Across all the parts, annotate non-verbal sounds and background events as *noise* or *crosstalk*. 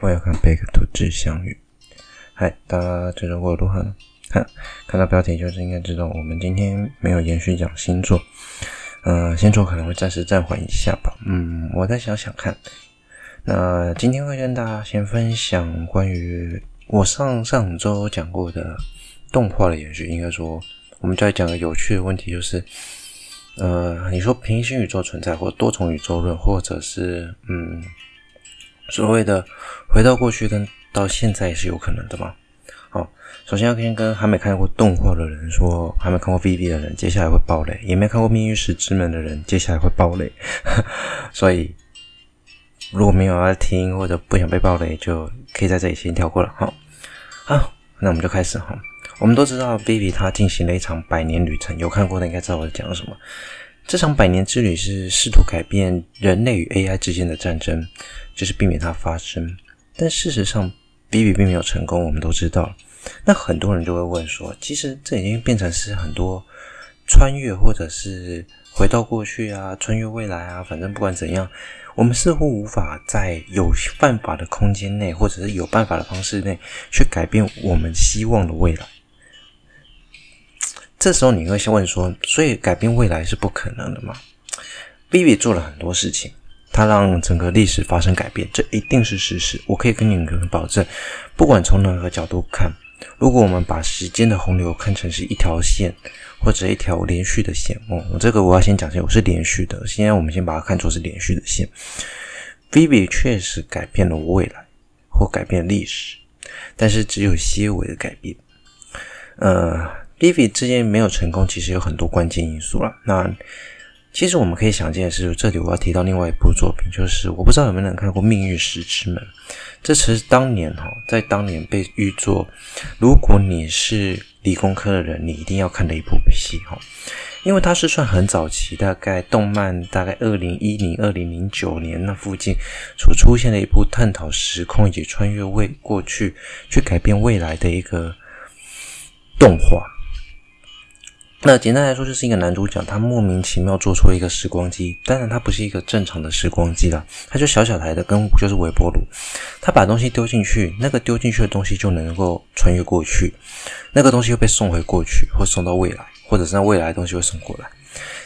我要看志《貝克杜之相遇》。嗨，大家最近過得如何呢？看，看到標題就是應該知道，我們今天沒有延續講星座。呃，星座可能會暫時暫緩一下吧。嗯，我再想想看。那今天會跟大家先分享關於我上上周講過的動畫的延續。應該說，我們再講個有趣的問題，就是呃，你說平行宇宙存在，或多重宇宙論，或者是嗯。所謂的回到過去跟到現在也是有可能的嗎？好，首先要先跟還沒看過動畫的人說，還沒看過 Vivy 的人，接下來會暴雷，也沒看過《命運石之門》的人，接下來會暴雷。 *laughs* 所以，如果沒有要聽或者不想被暴雷，就可以在這裡先跳過了。好，好，那我們就開始哈。我們都知道 Vivy 他進行了一場百年旅程，有看過的應該知道我在講什麼。這場百年之旅是試圖改變人類與 AI 之間的戰爭，就是避免它發生，但事實上，Vivy 並沒有成功。我們都知道了，那很多人就會問說，其實這已經變成是很多穿越或者是回到過去啊，穿越未來啊，反正不管怎樣，我們似乎無法在有辦法的空間內，或者是有辦法的方式內去改變我們希望的未來。這時候你會先問說，所以改變未來是不可能的嗎？Vivy 做了很多事情。它讓整個歷史發生改變，這一定是事實。我可以跟你們保證，不管從哪個角度看，如果我們把時間的洪流看成是一條線或者一條連續的線，哦，我這個我要先講一下，我是連續的。現在我們先把它看作是連續的線。Vivy 確實改變了未來或改變歷史，但是只有些微的改變。呃，Vivy 之間沒有成功，其實有很多關鍵因素了。那其實我們可以想見的是，這裡我要提到另外一部作品，就是我不知道有沒有人看過《命運石之門》。這其實當年哈，在當年被譽作“如果你是理工科的人，你一定要看的一部戲”哈，因為它是算很早期，大概動漫大概二零一零、二零零九年那附近所出現的一部探討時空以及穿越未過去去改變未來的一個動畫。那簡單來說，就是一個男主角，他莫名其妙做出了一個時光機，當然他不是一個正常的時光機啦，他就小小台的，跟就是微波爐。他把東西丟進去，那個丟進去的東西就能夠穿越過去，那個東西又被送回過去，或送到未來，或者是那未來的東西又送過來。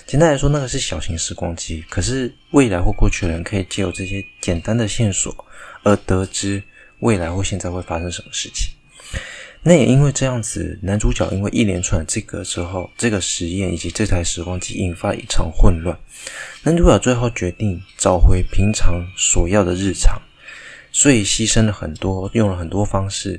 簡單來說，那個是小型時光機，可是未來或過去的人可以借由這些簡單的線索而得知未來或現在會發生什麼事情。那也因為這樣子，男主角因為一連串的這個之後，這個實驗以及這台時光機引發了一場混亂。男主角最後決定找回平常所要的日常，所以犧牲了很多，用了很多方式，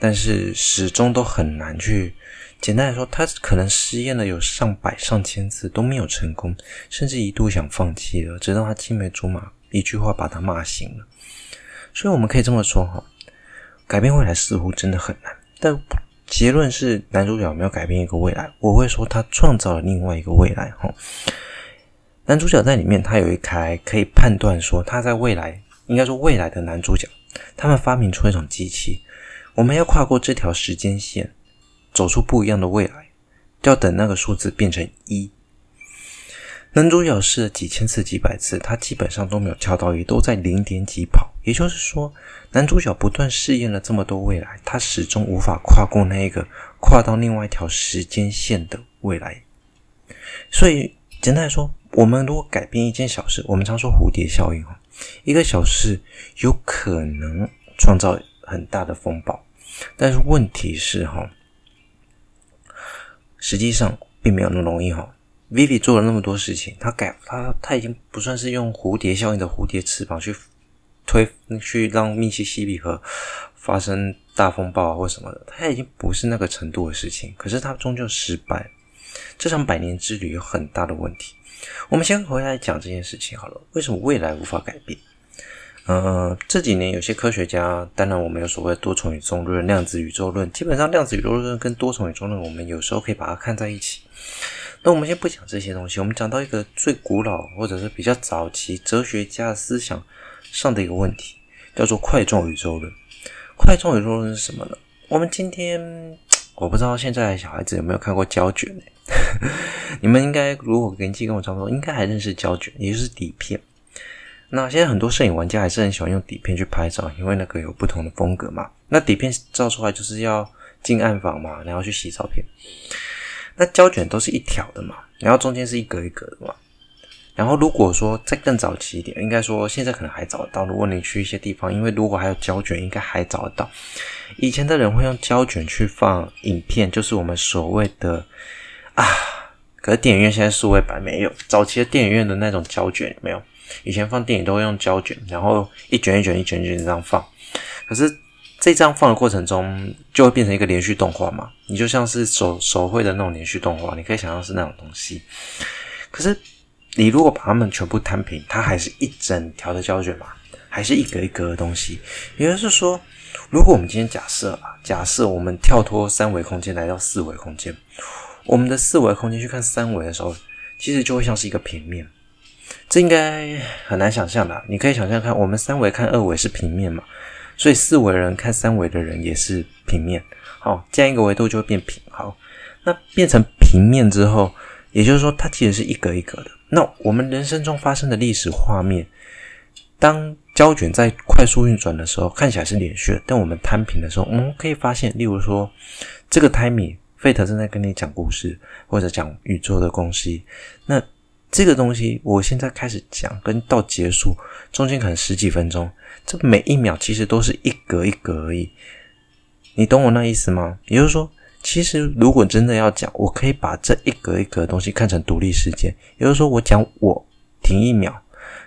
但是始終都很難去。簡單來說，他可能試驗了有上百上千次都沒有成功，甚至一度想放棄了。直到他青梅竹馬一句話把他罵醒了。所以我們可以這麼說哈，改變未來似乎真的很難。但結論是，男主角沒有改變一個未來。我會說，他創造了另外一個未來。哈，男主角在裡面，他有一台可以判斷說他在未來，應該說未來的男主角，他們發明出一種機器，我們要跨過這條時間線，走出不一樣的未來，就要等那個數字變成一。男主角試了幾千次、幾百次，他基本上都沒有跳到一，也都在零點幾跑。也就是說，男主角不斷試驗了這麼多未來，他始終無法跨過那一個跨到另外一條時間線的未來。所以，簡單來說，我們如果改變一件小事，我們常說蝴蝶效應，一個小事有可能創造很大的風暴。但是問題是哈，實際上並沒有那麼容易哈。Vivy 做了那麼多事情，他改他他已經不算是用蝴蝶效應的蝴蝶翅膀去。推去讓密西西比河發生大風暴啊，或什麼的，它已經不是那個程度的事情。可是它終究失敗。這場百年之旅有很大的問題。我們先回來講這件事情好了。為什麼未來無法改變？呃、嗯，這幾年有些科學家，當然我們有所謂的多重宇宙論、量子宇宙論，基本上量子宇宙論跟多重宇宙論，我們有時候可以把它看在一起。那我們先不講這些東西，我們講到一個最古老或者是比較早期哲學家的思想。.上的一個問題叫做“塊狀宇宙論”。塊狀宇宙論是什麼呢？我們今天，我不知道現在的小孩子有沒有看過膠卷哎？ *laughs* 你們應該如果年紀跟我差不多，應該還認識膠卷，也就是底片。那現在很多攝影玩家還是很喜歡用底片去拍照，因為那個有不同的風格嘛。那底片照出來就是要進暗房嘛，然後去洗照片。那膠卷都是一條的嘛，然後中間是一格一格的嘛。然後，如果說再更早期一點，應該說現在可能還找得到。如果你去一些地方，因為如果還有膠卷，應該還找得到。以前的人會用膠卷去放影片，就是我們所謂的啊。可是電影院現在數位版沒有，早期的電影院的那種膠卷沒有。以前放電影都會用膠卷，然後一卷一卷一卷，一卷一卷這樣放。可是這樣放的過程中，就會變成一個連續動畫嘛？你就像是手手繪的那種連續動畫，你可以想象是那種東西。可是。你如果把它們全部攤平，它還是一整條的膠卷嘛？還是一格一格的東西？也就是說，如果我們今天假設啊，假設我們跳脫三維空間來到四維空間，我們的四維空間去看三維的時候，其實就會像是一個平面。這應該很難想象的啊，你可以想象看，我們三維看二維是平面嘛，所以四維的人看三維的人也是平面。好，這樣一個維度就會變平。好，那變成平面之後。也就是說，它其實是一格一格的。那我們人生中發生的歷史畫面，當膠卷在快速運轉的時候，看起來是連續的；但我們攤平的時候，我們可以發現，例如說，這個 Time 費特正在跟你講故事，或者講宇宙的東西。那這個東西，我現在開始講，跟到結束中間可能十幾分鐘，這每一秒其實都是一格一格而已。你懂我那意思嗎？也就是說。其實，如果真的要講，我可以把這一格一格的東西看成獨立世界，也就是說，我講我停一秒，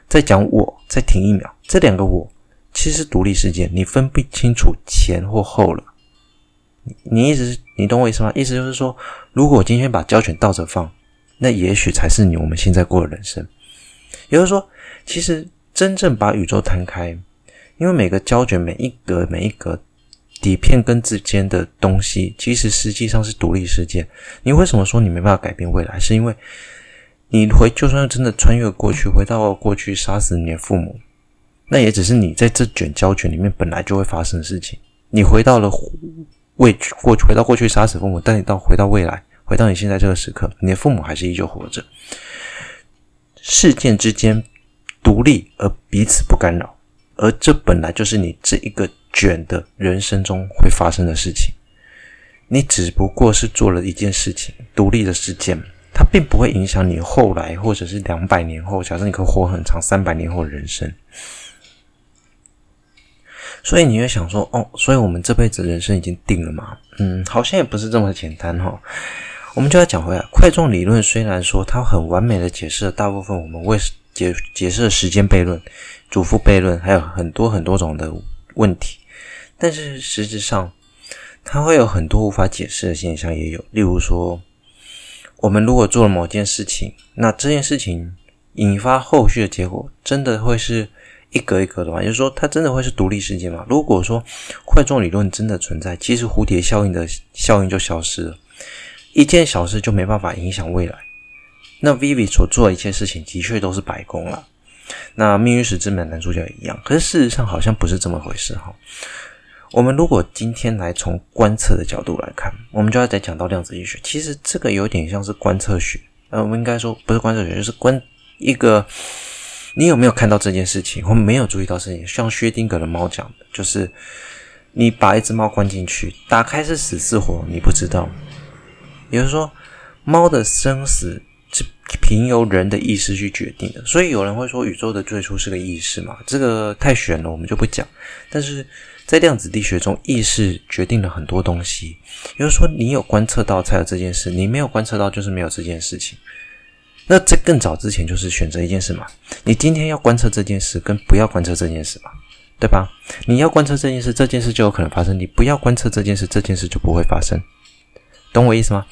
再講我再停一秒，這兩個我其實獨立世界，你分不清楚前或後了。你你意思，你懂我意思嗎？意思就是說，如果今天把膠卷倒着放，那也許才是你我們現在過的人生。也就是說，其實真正把宇宙攤開，因為每個膠卷每一格每一格。底片跟之間的東西，其實實際上是獨立事件。你為什麼說你沒辦法改變未來？是因為你回，就算真的穿越過去，回到過去殺死你的父母，那也只是你在這卷膠卷裡面本來就會發生的事情。你回到了未過去，回到過去殺死父母，但你到回到未來，回到你現在這個時刻，你的父母還是依舊活着。事件之間獨立而彼此不干擾。而這本來就是你這一個卷的人生中會發生的事情，你只不過是做了一件事情，獨立的事件，它並不會影響你後來，或者是兩百年後，假設你可以活很長，三百年後的人生。所以你會想說，哦，所以我們這輩子的人生已經定了嗎？嗯，好像也不是這麼簡單哈。我們就要講回來，塊狀理論雖然說它很完美的解釋了大部分我們為什。解解釋了時間悖論、祖父悖論，還有很多很多種的問題。但是實質上，它會有很多無法解釋的現象，也有。例如說，我們如果做了某件事情，那這件事情引發後續的結果，真的會是一格一格的嗎？也就是說，它真的會是獨立世界嗎？如果說塊狀理論真的存在，其實蝴蝶效應的效應就消失了，一件小事就沒辦法影響未來。那 Vivy 所做的一切事情的確都是白工了。那命運石之門男主角也一樣，可是事實上好像不是這麼回事哈。我們如果今天來從觀測的角度來看，我們就要得講到量子力學。其實這個有點像是觀測學，呃，我們應該說不是觀測學，就是觀一個。你有沒有看到這件事情？我們沒有注意到事情，像薛定諤的貓講的就是，你把一隻貓關進去，打開是死是活你不知道。也就是說，貓的生死，是憑由人的意識去決定的，所以有人會說宇宙的最初是個意識嘛？這個太玄了，我們就不講。但是在量子力學中，意識決定了很多東西，也就是說，你有觀測到才有這件事，你沒有觀測到就是沒有這件事情。那在更早之前，就是選擇一件事嘛？你今天要觀測這件事，跟不要觀測這件事嘛？對吧？你要觀測這件事，這件事就有可能發生；你不要觀測這件事，這件事就不會發生。懂我意思嗎？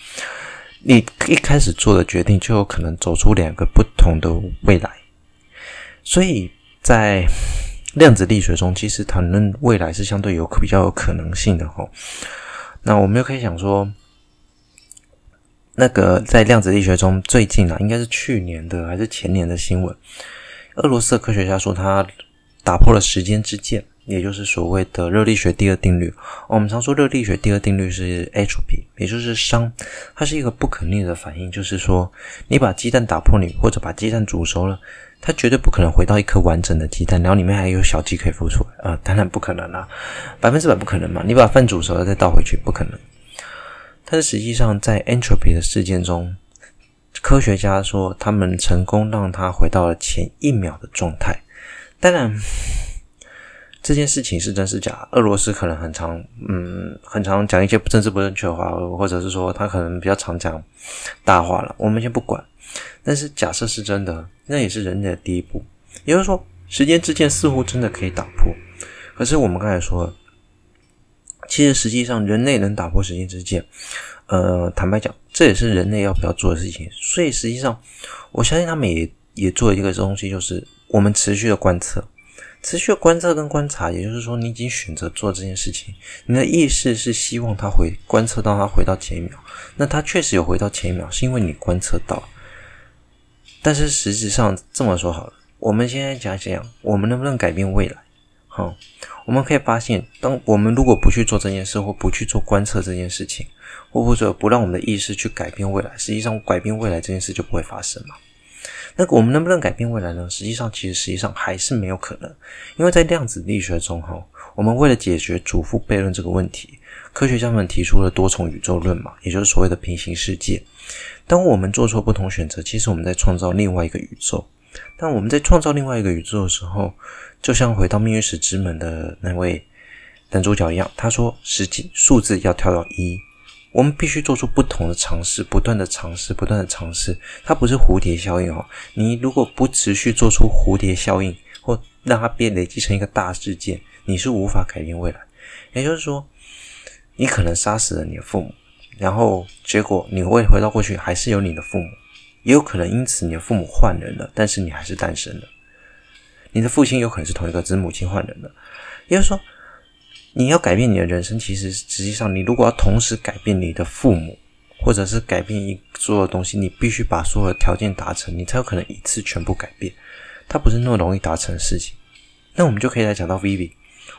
你一開始做的決定，就有可能走出兩個不同的未來。所以在量子力學中，其實談論未來是相對有比較有可能性的吼。那我們又可以想說，那個在量子力學中，最近啊，應該是去年的還是前年的新聞，俄羅斯的科學家說他打破了時間之箭。也就是所謂的熱力學第二定律。我們常說熱力學第二定律是 entropy，也就是熵，它是一個不可逆的反應。就是說，你把雞蛋打破，你或者把雞蛋煮熟了，它絕對不可能回到一顆完整的雞蛋，然後裡面還有小雞可以孵出來啊、呃！當然不可能啦、啊、百分之百不可能嘛！你把飯煮熟了再倒回去，不可能。但是實際上，在 entropy 的事件中，科學家說他們成功讓它回到了前一秒的狀態。當然。這件事情是真是假？俄羅斯可能很常，嗯，很常講一些政治不正確的話，或者是說他可能比較常講大話了。我們先不管，但是假設是真的，那也是人類的第一步。也就是說，時間之箭似乎真的可以打破。可是我們剛才說，其實實際上人類能打破時間之箭，呃，坦白講，這也是人類要不要做的事情。所以實際上，我相信他們也也做一個東西，就是我們持續的觀測。持續的觀測跟觀察，也就是說，你已經選擇做這件事情，你的意識是希望他回觀測到他回到前一秒。那他確實有回到前一秒，是因為你觀測到。但是實際上這麼說好了，我們現在講講，我們能不能改變未來？哈、嗯，我們可以發現，當我們如果不去做這件事，或不去做觀測這件事情，或或者不讓我們的意識去改變未來，實際上改變未來這件事就不會發生嘛。那個、我們能不能改變未來呢？實際上，其實實際上還是沒有可能，因為在量子力學中，哈，我們為了解決祖父悖論這個問題，科學家們提出了多重宇宙論嘛，也就是所謂的平行世界。當我們做出不同選擇，其實我們在創造另外一個宇宙。當我們在創造另外一個宇宙的時候，就像回到命運石之門的那位男主角一樣，他說，實際數字要跳到一。我們必須做出不同的嘗試，不斷的嘗試，不斷的嘗試。它不是蝴蝶效應哦，你如果不持續做出蝴蝶效應，或讓它變累積成一個大事件，你是無法改變未來。也就是說，你可能殺死了你的父母，然後結果你會回到過去，還是有你的父母。也有可能因此你的父母換人了，但是你還是誕生了。你的父親有可能是同一個，只是母親換人了。也就是說。你要改變你的人生，其實實際上，你如果要同時改變你的父母，或者是改變一所有的東西，你必須把所有條件達成，你才有可能一次全部改變。它不是那麼容易達成的事情。那我們就可以來講到 Vivy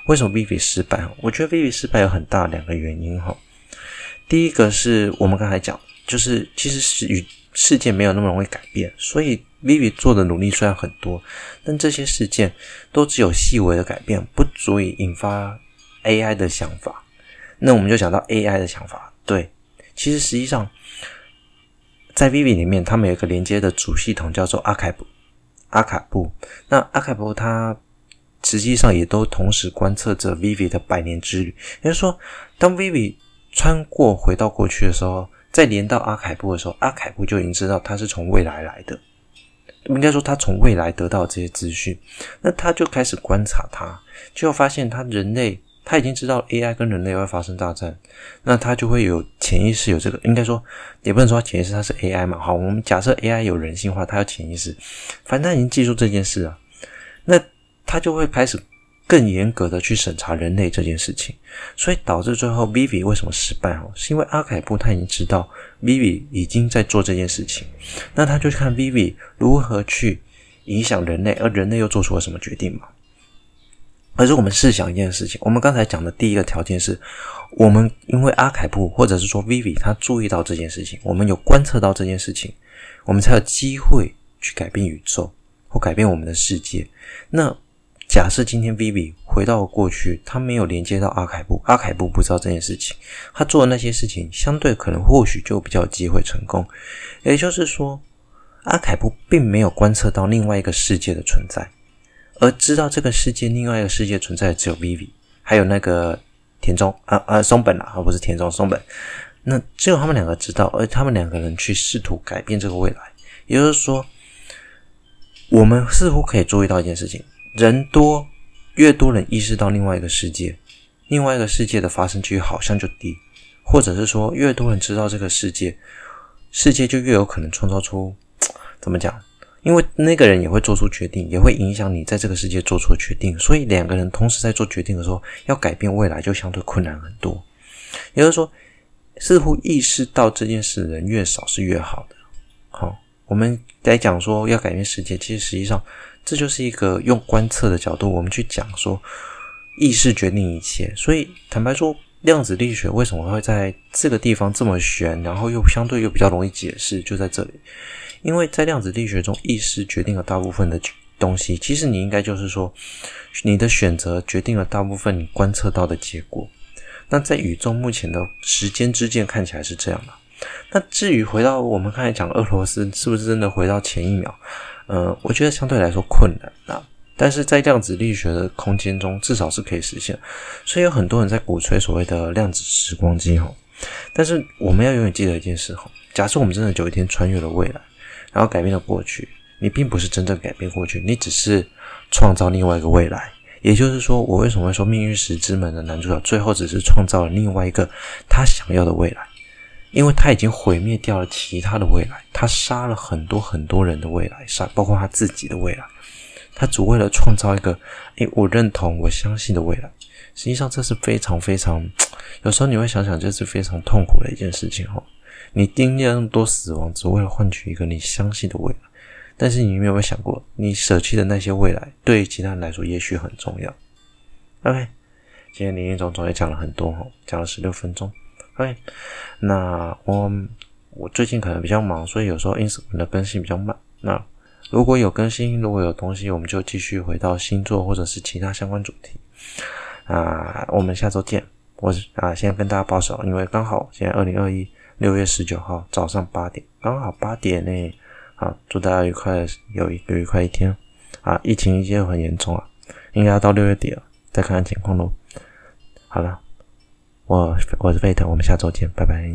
為什麼 Vivy 失敗？我覺得 Vivy 失敗有很大兩個原因哈。第一個是我們剛才講，就是其實是與事件沒有那麼容易改變，所以 Vivy 做的努力雖然很多，但這些事件都只有細微的改變，不足以引發。AI 的想法，那我們就講到 AI 的想法。對，其實實際上，在 Vivy 裡面，他們有一個連接的主系統叫做阿凱布阿卡布。那阿凱布他實際上也都同時觀測着 Vivy 的百年之旅。也就是說，當 Vivy 穿過回到過去的時候，再連到阿凱布的時候，阿凱布就已經知道他是從未來來的。應該說，他從未來得到這些資訊，那他就開始觀察他，就發現他人類。他已經知道 AI 跟人類要發生大戰，那他就會有潛意識有這個，應該說也不能說他潛意識，它是 AI 嘛，好，我們假設 AI 有人性化，他有潛意識，反正他已經記住這件事啊，那他就會開始更嚴格的去審查人類這件事情，所以導致最後 Vivy 為什麼失敗哦，是因為阿凱布他已經知道 Vivy 已經在做這件事情，那他就看 Vivy 如何去影響人類，而人類又做出了什麼決定嘛。而是我們試想一件事情，我們剛才講的第一個條件是，我們因為阿凱布或者是說 Vivi 他注意到這件事情，我們有觀測到這件事情，我們才有機會去改變宇宙或改變我們的世界。那假設今天 Vivi 回到過去，他沒有連接到阿凱布，阿凱布不知道這件事情，他做的那些事情相對可能或許就比較有機會成功。也就是說，阿凱布並沒有觀測到另外一個世界的存在。而知道，這個世界，另外一個世界存在只有 Vivy，還有那個田中啊啊松本啊，不是田中松本。那只有他們兩個知道，而他們兩個人去試圖改變這個未來。也就是說，我們似乎可以注意到一件事情：人多，越多人意識到另外一個世界，另外一個世界的發生幾率好像就低；或者是說，越多人知道這個世界，世界就越有可能創造出怎麼講？因為那個人也會做出決定，也會影響你在這個世界做出決定，所以兩個人同時在做決定的時候，要改變未來就相對困難很多。也就是說，似乎意識到這件事的人越少是越好的。好，我們來講說要改變世界，其實實際上這就是一個用觀測的角度，我們去講說意識決定一切。所以坦白說，量子力學為什麼會在這個地方這麼懸，然後又相對又比較容易解釋，就在這裡。因為在量子力學中，意識決定了大部分的東西。其實你應該就是說，你的選擇決定了大部分你觀測到的結果。那在宇宙目前的時間之箭看起來是這樣的。那至於回到我們剛才講俄羅斯是不是真的回到前一秒，呃，我覺得相對來說困難啊。但是在量子力學的空間中，至少是可以實現。所以有很多人在鼓吹所謂的量子時光機哈。但是我們要永遠記得一件事哈：假設我們真的有一天穿越了未來。然後改變了過去，你並不是真正改變過去，你只是創造另外一個未來。也就是說，我為什麼會說《命運石之門》的男主角最後只是創造了另外一個他想要的未來？因為他已經毀滅掉了其他的未來，他殺了很多很多人的未來，殺包括他自己的未來。他只為了創造一個，哎，我認同，我相信的未來。實際上，這是非常非常，有時候你會想想，這是非常痛苦的一件事情，哦，哈。你經歷了那麼多死亡，只為了換取一個你相信的未來。但是你有沒有想過，你捨棄的那些未來，對於其他人來說也許很重要。OK，今天林林總總也講了很多哈，講了十六分鐘。OK，那我我最近可能比較忙，所以有時候 ins 的更新比較慢。那如果有更新，如果有東西，我們就繼續回到星座或者是其他相關主題。啊，我們下周見。我啊，先跟大家保守，因為剛好現在二零二一。六月十九號早上八點，剛好八點呢。好，祝大家愉快，有一個愉快一天。啊，疫情已經很嚴重啊，應該要到六月底了，再看看情況嘍。好了，我我是 Fate，我們下周見，拜拜。